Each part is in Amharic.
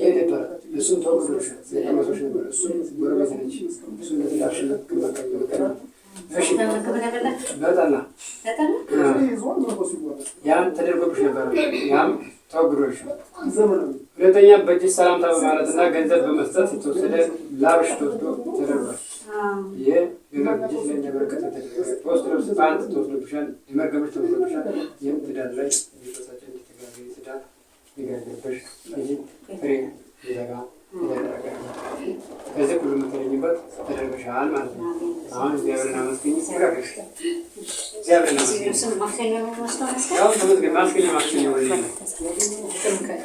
ይሄ ነበር እሱም ተወቅዶሽ ያም ተደርጎብሽ ነበር ያም ተወግዶሽ ሁለተኛ በእጅ ሰላምታ በማለትና ገንዘብ በመስጠት የተወሰደ ላብሽ ተወስዶ ተደርጓል። ይሄ በመርጅት ተወስዶብሻል። የመርገቦች ተወስዶብሻል። ይህም ትዳር ላይ ይገለብሽ እዚህ ፍሬ ይዘጋ ይዘጋ ከዚህ ሁሉ የምትገኝበት ተደርገሻል ማለት ነው። አሁን እግዚአብሔርን አመስገኝ ስራሽ እግዚአብሔርን አመስገኝ ማስገኝ ማስገኝ እንዴት ነው?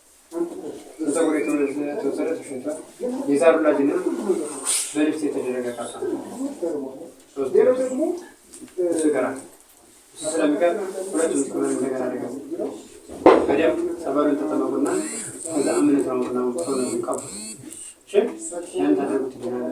የዛር ወላጅንም በልብስ የተደረገ ካሳ ስለሚቀር ሁለቱም ነገር አደገ። በደም ጸበሉን ተጠመቁና ከዛ እምነት አሙና ሰው ነው ቀቡ ያን ታደርጉት ይሆናል።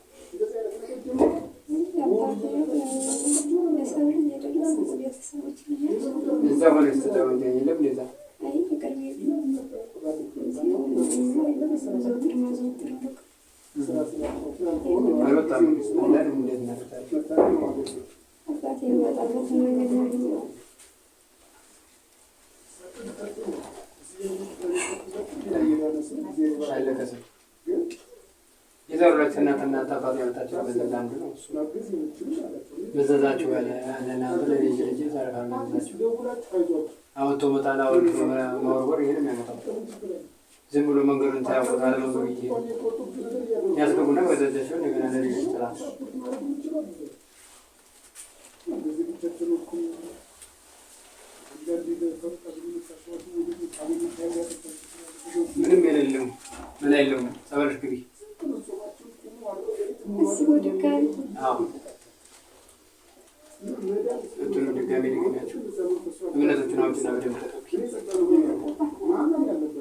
የዘሩለት እናትና አባት ያመጣቸው ያለና ለልጅ ልጅ ዘረፋ መዘዛቸው አወጥቶ መጣል አወርወር ይህንም ያመጣል ዝም ብሎ መንገዱን ሳያውቁት አለመንገዱ ያስገቡና በደጃቸው እንደገና ለልጅ ይችላል። ምንም የሌለው ምን የለውም። ሰበርሽ ግቢ ድጋሚ ድጋሚ ድገሚያቸው እምነቶችን አውጭና በደምብ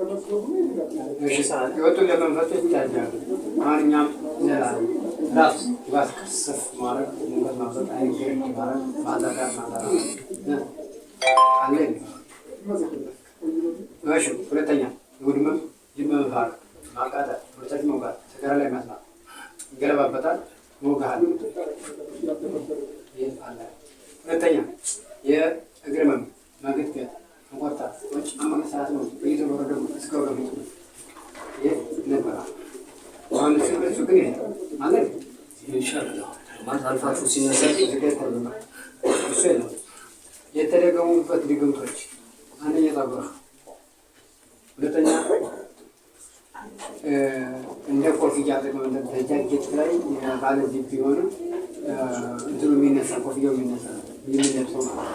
ህይወቱን ለመንፈቱ ይታያል። አሁን እኛም ማድረግ እሺ ሁለተኛ ውድመም ይመምፋል ማቃጠል መውጋት ሰገራ ላይ መስራት ይገለባበታል መውጋሃል አካላት ነው እየተወረደ እስከ ነበራ። አሁን እሱ ግን ማለት ማለት አልፋችሁ ሲነሳ የተደገሙበት ድግምቶች አንደኛ ጠባ፣ ሁለተኛ እንደ ኮፍያ ጥቅም ጃኬት ላይ ባለ ዚፕ ቢሆንም እንትኑ የሚነሳ ኮፍያው የሚነሳ የሚለብሰው ማለት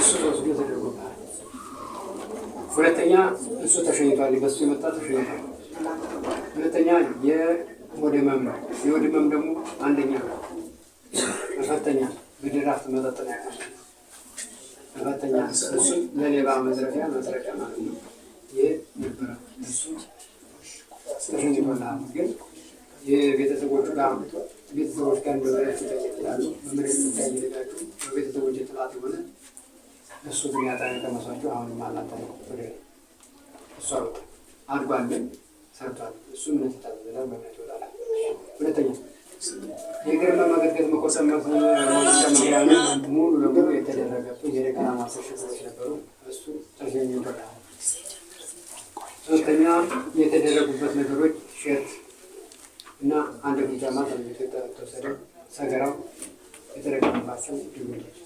እሱ ተደርጎበታል። ሁለተኛ እሱ ተሸኝቷል፣ በሱ የመጣ ተሸኝቷል። ሁለተኛ የወድመም ነው። የወድመም ደግሞ አንደኛ መፈተኛ በድራፍት መጠጥ ነው ያለ መፈተኛ፣ እሱ ለሌባ መዝረፊያ መዝረፊያ ማለት ነው። ይህ ነበረ እሱ ተሸኝቷል። ግን የቤተሰቦቹ ጋር ቤተሰቦች ጋር እንደበላቸው ይጠየቅ ይላሉ። በመሬት ሚታይ ሄዳችሁ በቤተሰቦች ጥላት የሆነ እሱ ግን ያጣን የተመሳቸው አሁን አላጠነቁ ወደ እሱ አልወጣ ግን ሰርቷል። እሱ እምነት ይታዘዛል፣ በእምነት ይወጣል። ሁለተኛ የእግር መመገድገት መቆሰመት ሙሉ ለሙሉ የተደረገበት የደቀና ማሰሸሰች ነበሩ። እሱ ተገኝ በቃ ሶስተኛ የተደረጉበት ነገሮች ሸት እና አንድ ጊዜማ ተወሰደ። ሰገራው የተደረገባቸው ድግሎች